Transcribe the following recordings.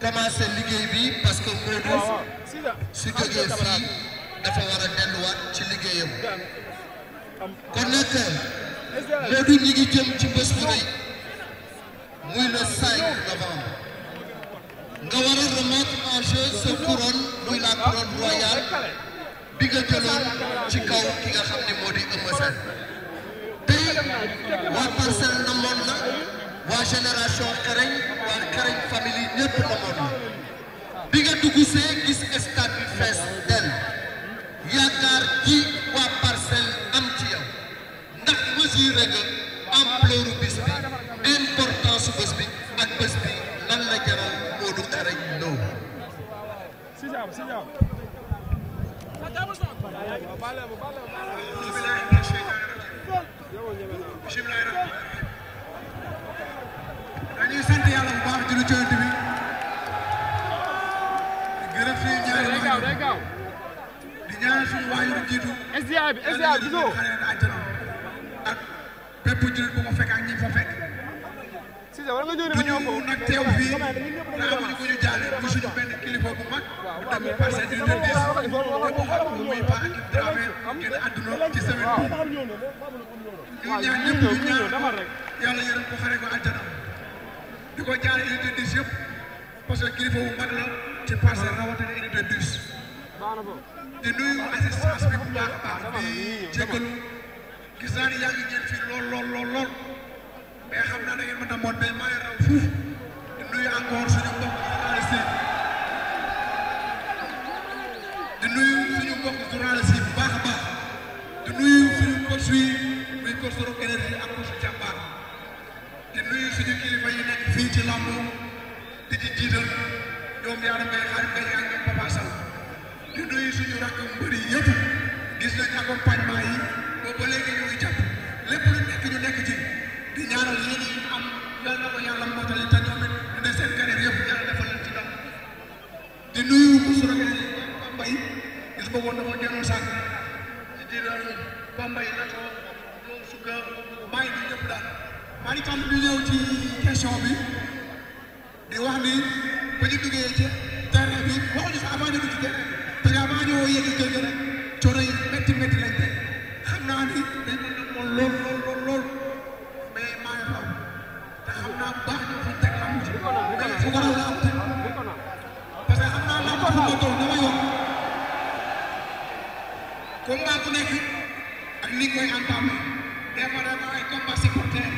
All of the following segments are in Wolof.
commencé liggéey bi parce que Modou ah, ah. su jógee fii dafa war a delluwaat ci liggéeyam kon nag Modou ñi jëm ci bés bu rëy muy le 5 novembre ah, nga xam ne moo di Eumeu Sène tey waa parcelle namoon la waa génération Xereñ waa Xereñ famille ñëpp amoon bi nga dugg see gis fees del yaakaar ji waa parcelle am ci yow ndax mesuré nga ampleur bés bi importance bés ak bés bi lan la jaral Modou Xereñ Lo yàlla bu baax di lu coono bi di gërëm suñu ñaari waajur di ñaanal suñu waajur jiitu. SDA bi SDA bi gisoo ak bépp jullit bu ko fekk ak ñi fa fekk. bu ñu nag teew fii te amuñu ku ñu jaale bu suñu benn kilifa bu mag bu demee parcelle d' identité te mu xam mu muy pas ak Dramé ngeen àdduna ci semaine bi. ñu ñaan ñëpp ñu ñaan yàlla yërëm ko xare ko àjjana. di ko jaaree unité 10 yëpp parce que kilifa mag la ci passé rawatina unité 10 di nuyu assistance bi bu baax a baax di jégalu gis naa ni yaa ngi ñeen fii lool lool lool lool xam naa da mën a moon mais maa ngi raw fuuf di nuyu encore suñu di nuyu suñu mbokk journaliste bu baax a di nuyu suñu coach yi muy coach Rock Énergie ak coach Jàmbaar di nuyu suñu kilifa yi nekk fii ci làmb di ci jiital ñoom yaara mbay xarit mbay ak ñoom Papa di nuyu suñu rakk mbëri yëpp gis nañ accompagnement yi boobu ba léegi ñu yi am ko yàlla mottali te ñoom it ñu ne seen carrière yëpp yàlla defal leen ci dam di nuyu Moussa Gueye Bambay gis nga woon ko jëloon sànq di nuyu Bambay la ko ñoom su ko bàyyi ñëpp daal. man itam ñu ñëw ci question bi di wax ni ba ñu duggee ci terrain bi waxuñu sax avant ñu ko tuddee parce que avant ñoo yegg géej rek coono yi métti métti lañ teg xam naa ni dañ ko demoon lool lool lool lool mais maa ngi raw te xam naa baax na fi teg am ci mais fu ko raw la am teg parce que xam naa laa ko fi doon dama yokk combat ku nekk ak ni koy entamé des fois dafa ay combat supporter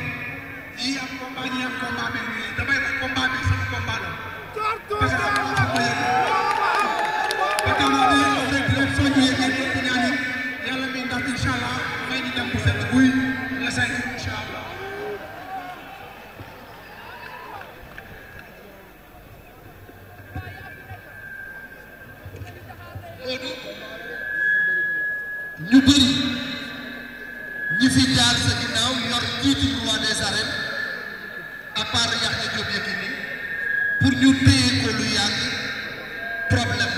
yii am combat ñii am combat mais nii damay wax combat bi sama combat la. parce que am na ko yëg. ba tax na ñu yëg rek rek soo ñu yëgee ñu ngi ñaan yàlla mi ndam incha allah may ñu dem bu set buy le cinq incha allah. ñu bëri. part Yaxya Jóob Yékini pour ñu téye ko lu yàgg problème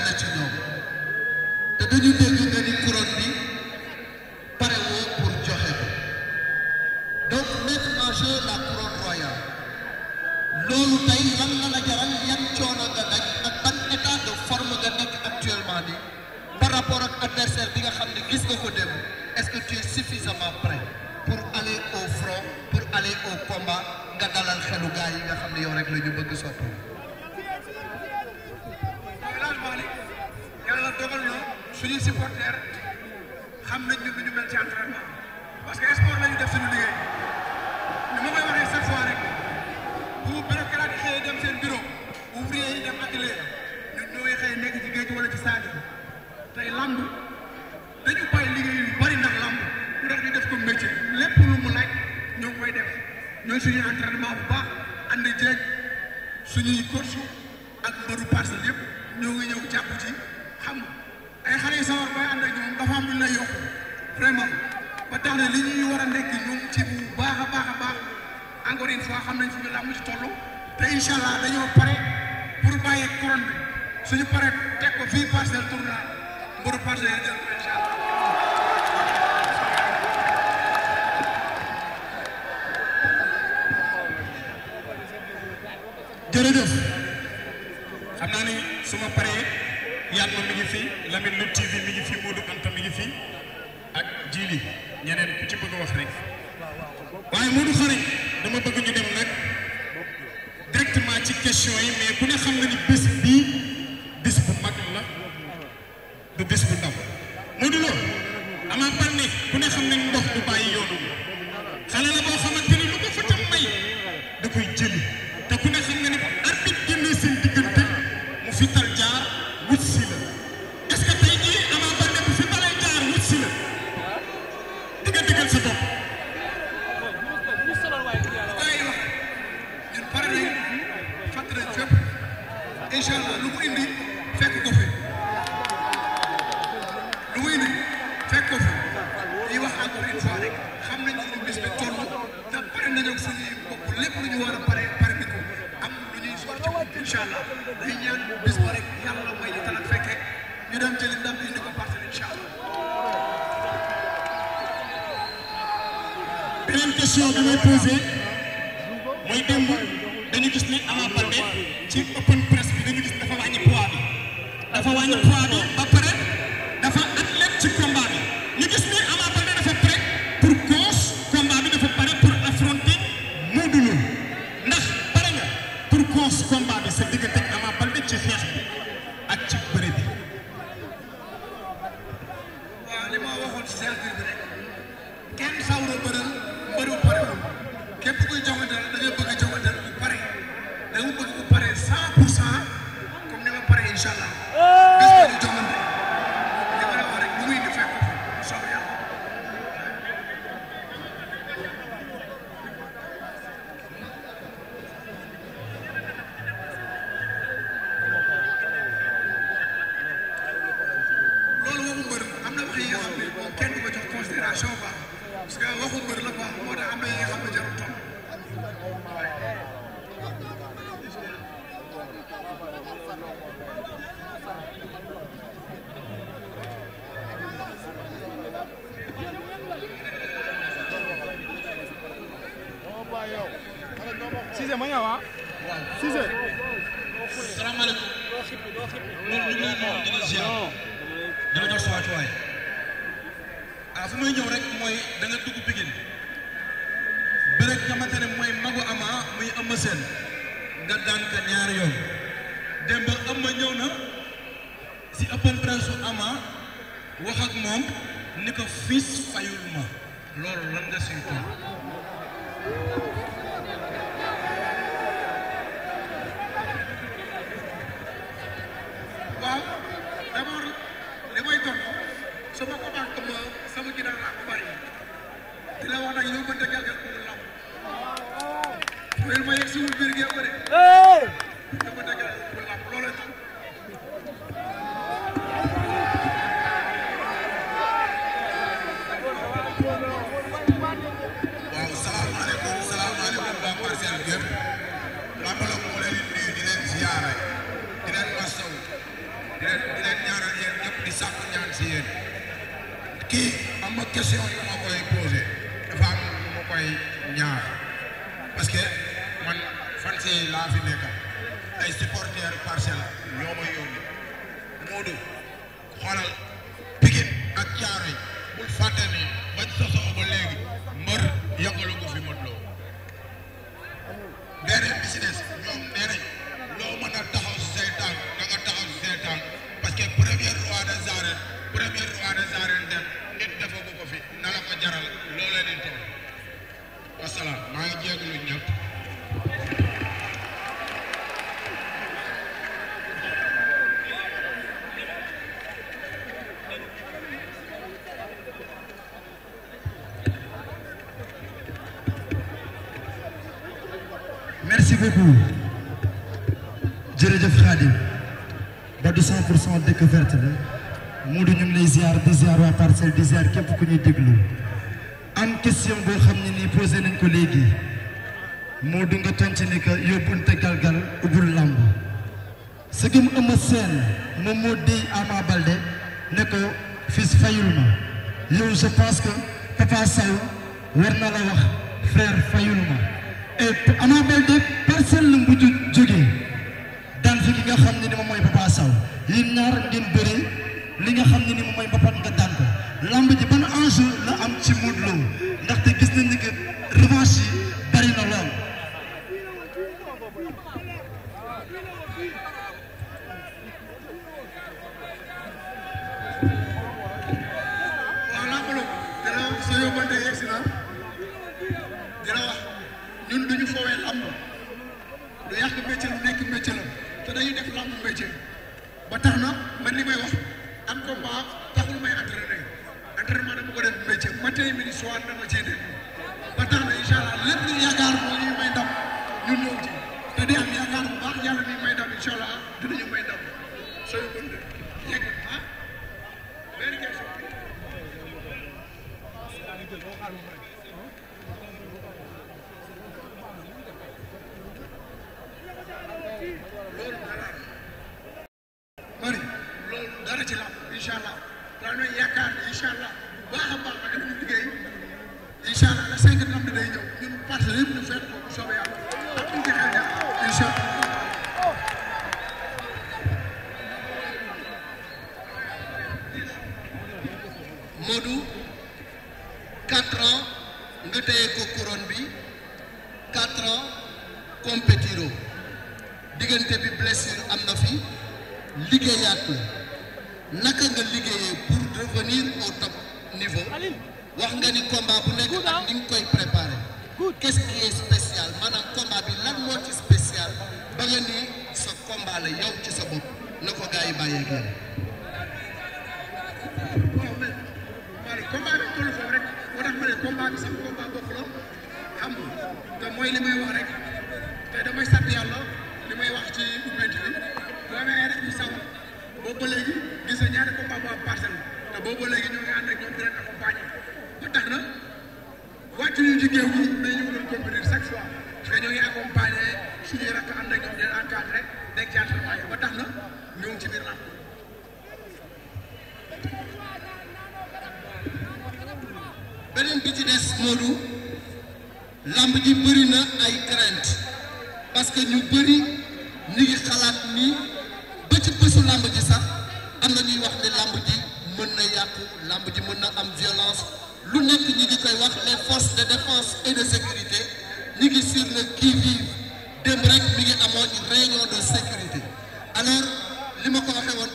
aller au combat nga dalal xelu gaay yi nga xam ne yow rek la ñu bëgg sopp largement ni yàlla dogal na suñuy supporter xam nañ ñun ñu mel ci entraînement parce que sport la ñu def suñu liggéey ni ma koy waxee chaque fois rek bu bureaucrate yi xëyee dem seen bureau ouvrier yi dem atelier ñun ñooy xëy nekk ci géej wala ci saali tey lamb ñooy suñuy entraînement bu baax ànd jeeg suñuy coach ak mbëru parcelle yëpp ñoo ngi ñëw jàpp ci xam ay xale yu sawar bay ànd ak ñoom dafa am lu lay yokk vraiment ba tax na li ñuy war nekk ñoom ci bu baax a baax a baax encore une fois xam nañ fi ñu làmb ci toll te incha allah dañoo pare pour bàyyi couronne bi suñu pare teg ko fii parcelle tournant mbëru parcelle yi jël ko jërëjëf xam naa ni su ma paree yàlla mi ngi fi Lamine Lutte TV mi ngi fi Modou Anta mi ngi fi ak Djili ñeneen ku ci bëgg a wax rek waaye Modou Xarañ dama bëgg ñu dem nag directement ci question yi mais ku ne xam na ni bés bii bu mag la du bés bu ndaw Modou Lo wax encore une fois rek xam nañu ñu bis bi toll te pare nañu suñuy bopp lépp lu ñu war a pare pare nañ ko am lu ñuy soor ci bopp incha allah day ñaan bis ba rek yàlla may ñu talal fekke ñu dem jëli ndam indi ko parti incha allah. beneen question bi may posé mooy démb dañu gis ne Ama Baldé ci open press bi dañu gis dafa wàññi poids bi dafa wàññi poids bi. ak ci bëri bi waaw li ma waxoon ci cercle bi rek kenn sawro bëral pare képp kuy joxante da nga bëgg pare da nga bëgg bu pare cent pour cent comme ma pare incha yow ah Cissé. salaamaaleykum. ñu ngi lay nuyu di la jox sa wàccuwaay. ah fu may ñëw rek mooy da nga dugg Pikine. bi rek ne mooy magu Ama muy Eumeu Sène. nga daan ka ñaari yoon. démb Eumeu ñëw na si open presse Ama wax ak moom ni ko fils fayul ma loolu lan nga siy dañoo bëgg a gàllankoor pour lamb. loolu mooy yegg si wul biir géew ba de. dañoo bëgg a gàllankoor pour lamb loolu la. waaw salaamaaleykum salaamaaleykum waa parcelle bi yëpp. lamb la moo leen di nuyu di leen ziyaara di leen masaw di leen di leen ñaanal yéen ñëpp di sàkk ñaan si yéen. kii am na question yu ma koy posé. dafa am koy ñaar parce man fan laa fi nekkal ay supporter parcelle ñoo ma yónni Moodu xoolal Pikine ak Caaroy bul fàtte ni bañ sosoo ba léegi mbër yàqalu ko fi mot loo beneen bi si des ñoom nee nañ loo mën a taxaw si say taxaw si say tànk parce que premier roi des dem nit dafa ko ko fi na la ko jaral Kébécour jërëjëf Khadim ba du 100 dëkk verte la Modou ñu ngi lay ziar di ziar waa parcelle di ziar képp ku ñuy déglu am question boo xam ne ni posé nañ ko léegi du nga tontu ni que yóbbunte galgal ubbul làmb sa gëm Eumeu moom moo déy Ama Baldé ne ko fils fayul ma yow je pense que Papa Sow war na la wax frère fayul ma Ama euh, Baldé personne la mujj jógee daan fi ki nga xam ne ni moom mooy Papa Sow yéen ñaar ngeen bëree li nga xam ne ni moom mooy mbapat nga daan ko lamb ji ban enjeu la am ci Modou Lo ndaxte gis nañ ni que revanche yi bari na lool. da yàq métier lu nekk métier la te dañuy def làmb métier ba tax na man li may wax am combat taxul may entraîner entraînement dama ko def métier matin midi soir dama ciy def ba tax na incha allah lépp lu ñu baax a baax a def ñu liggéey incha allah le cinq novembre day ñëw ñun partenaires yëpp ñu fekk ko bu soobee yàlla def ci sa bopp na ko gars yi bàyyee ak yéen. tax ma ne combat bi sama combat bopp la xam nga te mooy li may wax rek te damay sant yàlla li may wax ci ubbeenti bi boo amee rek ñu saw boobu ba gis nga ñaari combat bu am parcelle te boobu ba léegi ngi ànd ak ñoom di leen accompagner ba tax na wàccu ñu ci géew day ñëw doon compétir chaque fois parce que ñoo ngi accompagner suñuy rakk ànd ak ñoom di leen encadré nekk ci Modou lamb ji bëri na ay crainte parce que ñu bëri ñu ngi xalaat ni ba ci bésu ji sax am na ñuy wax ne lamb ji mën na yàqu lamb ji mën na am violence lu nekk ñi ngi koy wax les forces de défense et de sécurité ñi ngi sur le qui-vive démb rek mi ngi amoon réunion de sécurité alors li ma ko waxee woon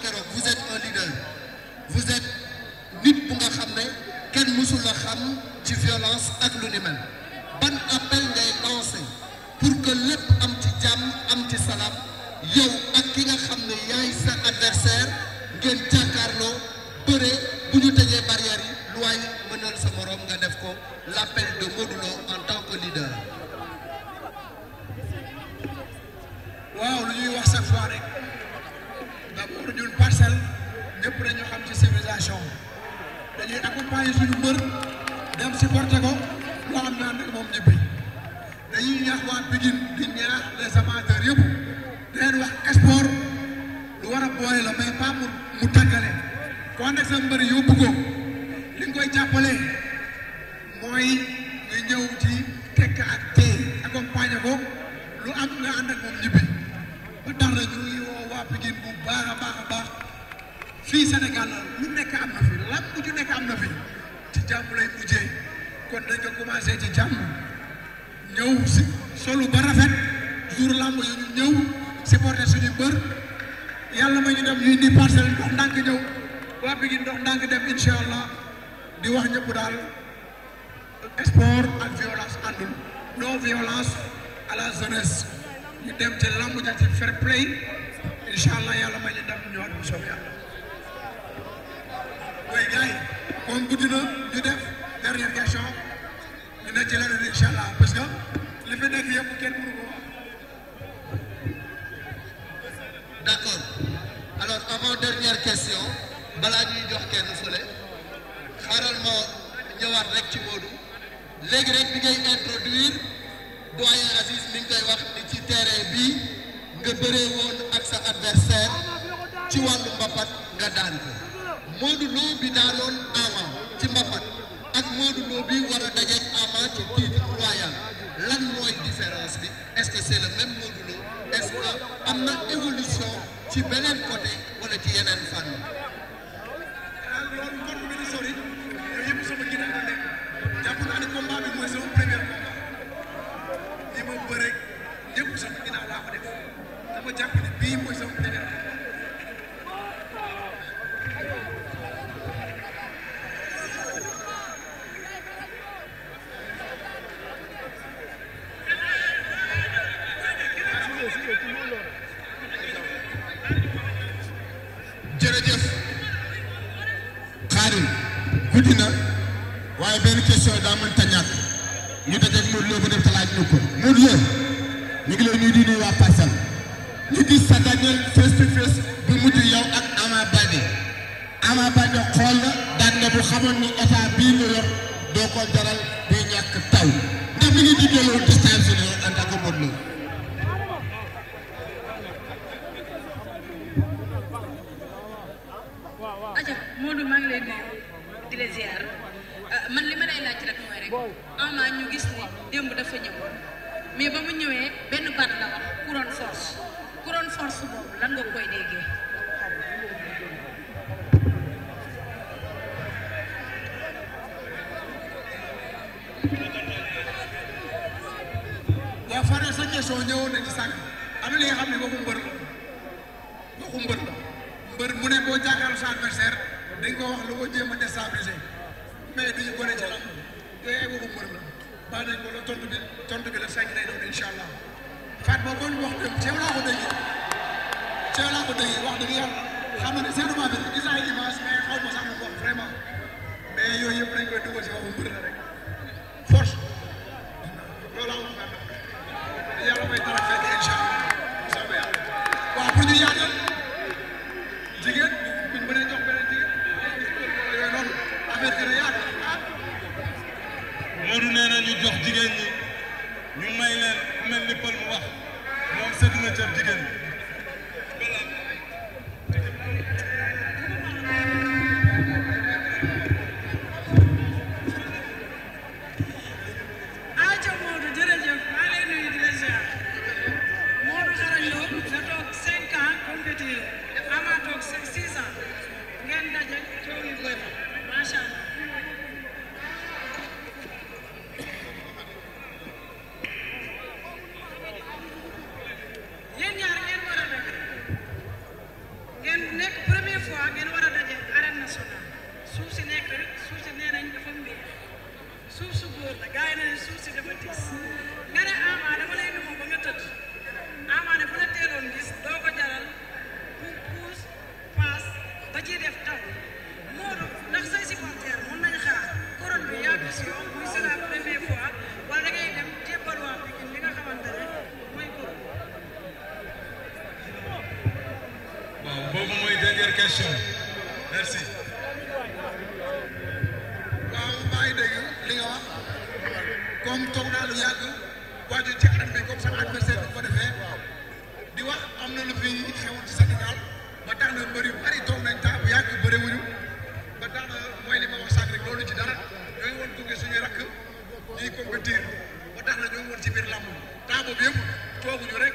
violence ak lu ni mel ban appel ngay lancé pour que lépp am ci jàmm am ci salaam yow ak ki nga xam ne yaay sa adversaire ngeen jàkkaarloo bëre bu ñu tëjee barrière yi lu waay mënal sa morom nga def ko l'appel de Modou Lo en tant que leader. waaw lu ñuy wax chaque fois rek ba pour ñun parcelle ñëpp dañu xam ci civilisation dañuy accompagner suñu mbër. porté ko mu am naan rek moom ñibbi dañuy ñaax waa Pikine di ñaax les amateurs yëpp di leen wax sport lu war a boole la mais pas mu mu tàggale koo nekk sa mbëri yóbbu ko koy jàppale mooy nga ñëw ci lu am nga ànd ak moom ñibbi ba tax na ñu ngi woo waa Pikine bu baax a baax a baax fii Sénégal lu nekk am na fi lam ju nekk am na fi ci jàmm lay mujjee kon dañ ko commencé ci jàmm ñëw si solu ba rafet jour làmb yi ñu ñëw supporter suñu bër yàlla ma ñu dem ñu indi parcelle ndànk ñëw waa bi ndox ndànk dem incha allah di wax ñëpp daal sport ak violence àndul non violence à la jeunesse ñu dem ci làmb ja ci fair play incha allah yàlla ma ñu dem ñëwaat bu yàlla. waaye gars moom guddi na ñu def. dernière question dina ci leneen d'accord alors avant dernière question balaa ñuy jox kenn fële xaaral ma ñëwaat rek ci Modou léegi rek bi ngay introduire doyen Aziz mi koy wax ni ci terrain bi nga bëree ak sa adversaire ci wàllu mbapat nga daan ko Modou Lo bi daanoon avant ci mbapat. Modou Lo bi war a dajeeg Ama ci titre royal lan bi est-ce que le même Modou Lo am na évolution ci beneen Olivier ñu ngi lay nuyu waa Parcelles ñu gis sa dajeel face to face bu mujj yow ak Ama Baldé Ama Baldé xool daan ne bu xamoon ni état bii mu yor doo ko jaral buy ñàkk taw ndax mi ngi diggee loolu distance en tant que Modou Lo mais ba mu ñëwee benn baat la wax couronne force couronne force boobu lan nga koy déggee. waaw Fane sa question ñëwoon na ci sànq am na li nga xam ne waxu mbër mbër mu ne boo jàkkaarloo sa adversaire dañ ko wax lu ko jéem a déstabiliser mais duñu bëre ci lamb yooyu ay waxu mbër baax nañ ko la tontu bi tontu bi la cinq lay doon incha allah Fat boo ko wax dëgg ceeb laa ko déggee ceeb laa ko déggee wax dëgg yàlla xam nga ne seen bi gis naa ay image mais xaw ma sax ma wax vraiment mais yooyu yëpp dañ koy dugal si waxu mbir la rek force loolu amul yàlla may dara fekk incha allah waaw pour ñu yaatu merci. waaw maa ngi dégg li nga wax comme toog naa lu yàgg waaju ci arène bi comme sama adversaire ko defee di wax am na lu fi xewul ci Sénégal ba tax na mbër bari toog nañ temps bu yàgg bëriwuñu ba tax na mooy li ma wax sànq rek loolu ci dara ñooy woon gunge suñuy rakk ñuy compétir ba tax na ñoo woon ci biir làmb temps boobu tooguñu rek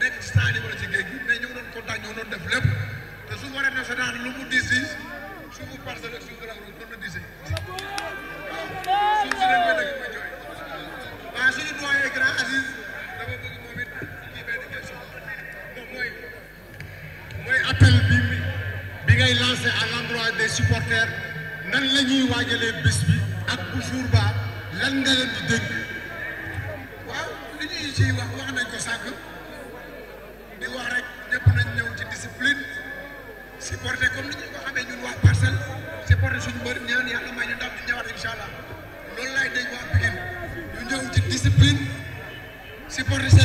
nekk ci stade wala ci géej gi mais ñu ngi kontaan ñu ngi def lépp. te su war a national lu mu dis dis suufu parcelle ak suufu Lac Rose noonu la disee suuf si dañ koy dëgg mooy jooy waaye suñu doyen grand Aziz dama bëgg moom it kii benn question moom mooy mooy appel bi bi ngay lancé à l'endroit des supporters nan la ñuy waajalee bés bi ak bu jour ba lan nga leen di dégg waaw li ñuy ci wax wax nañ ko sànq c'est porté comme ni ñu ko xamee ñun waa parcelle c'est porté suñu mbër ñaan yàlla may ñu ndam di ñëwaat incha allah loolu laay dégg waa Pikine ñu ñëw ci discipline c'est porté